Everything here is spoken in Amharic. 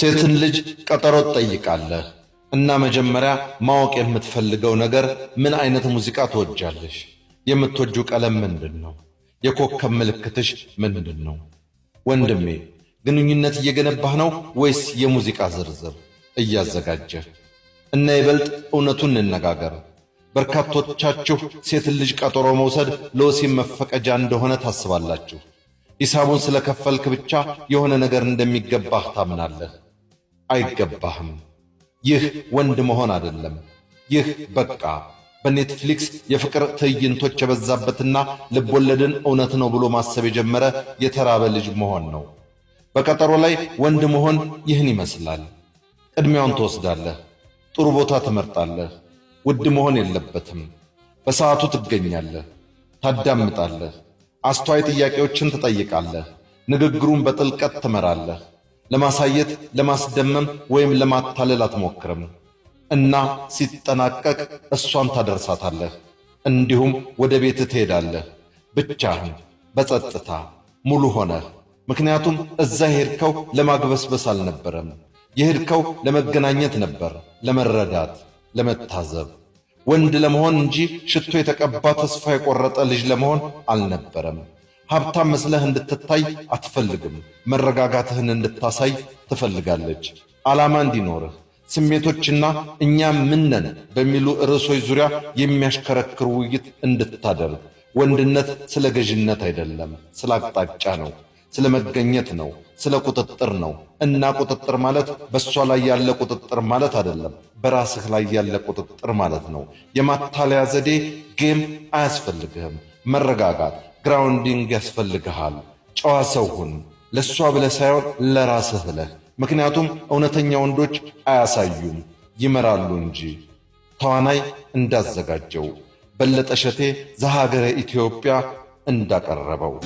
ሴትን ልጅ ቀጠሮ ትጠይቃለህ እና መጀመሪያ ማወቅ የምትፈልገው ነገር ምን አይነት ሙዚቃ ትወጃለሽ? የምትወጁ ቀለም ምንድን ነው? የኮከብ ምልክትሽ ምንድን ነው? ወንድሜ ግንኙነት እየገነባህ ነው ወይስ የሙዚቃ ዝርዝር እያዘጋጀህ? እና ይበልጥ እውነቱን እንነጋገር። በርካቶቻችሁ ሴትን ልጅ ቀጠሮ መውሰድ ለወሲብ መፈቀጃ እንደሆነ ታስባላችሁ። ሂሳቡን ስለከፈልክ ብቻ የሆነ ነገር እንደሚገባህ ታምናለህ። አይገባህም። ይህ ወንድ መሆን አይደለም። ይህ በቃ በኔትፍሊክስ የፍቅር ትዕይንቶች የበዛበትና ልቦለድን እውነት ነው ብሎ ማሰብ የጀመረ የተራበ ልጅ መሆን ነው። በቀጠሮ ላይ ወንድ መሆን ይህን ይመስላል። ቅድሚያውን ትወስዳለህ። ጥሩ ቦታ ትመርጣለህ። ውድ መሆን የለበትም። በሰዓቱ ትገኛለህ። ታዳምጣለህ። አስተዋይ ጥያቄዎችን ትጠይቃለህ። ንግግሩን በጥልቀት ትመራለህ። ለማሳየት፣ ለማስደመም ወይም ለማታለል አትሞክርም እና ሲጠናቀቅ እሷን ታደርሳታለህ። እንዲሁም ወደ ቤት ትሄዳለህ፣ ብቻህን በጸጥታ ሙሉ ሆነህ። ምክንያቱም እዛ የሄድከው ለማግበስበስ አልነበረም። የሄድከው ለመገናኘት ነበር፣ ለመረዳት፣ ለመታዘብ ወንድ ለመሆን እንጂ ሽቶ የተቀባ ተስፋ የቆረጠ ልጅ ለመሆን አልነበረም። ሀብታም መስለህ እንድትታይ አትፈልግም። መረጋጋትህን እንድታሳይ ትፈልጋለች። ዓላማ እንዲኖርህ ስሜቶችና እኛ ምነን በሚሉ ርዕሶች ዙሪያ የሚያሽከረክር ውይይት እንድታደርግ። ወንድነት ስለ ገዥነት አይደለም፣ ስለ አቅጣጫ ነው፣ ስለ መገኘት ነው፣ ስለ ቁጥጥር ነው። እና ቁጥጥር ማለት በእሷ ላይ ያለ ቁጥጥር ማለት አይደለም፣ በራስህ ላይ ያለ ቁጥጥር ማለት ነው። የማታለያ ዘዴ ጌም አያስፈልግህም። መረጋጋት ግራውንዲንግ ያስፈልግሃል። ጨዋ ሰው ሁን። ለእሷ ብለህ ሳይሆን ለራስህ ብለህ። ምክንያቱም እውነተኛ ወንዶች አያሳዩም፣ ይመራሉ እንጂ። ተዋናይ እንዳዘጋጀው በለጠ ሸቴ ዘሀገረ ኢትዮጵያ እንዳቀረበው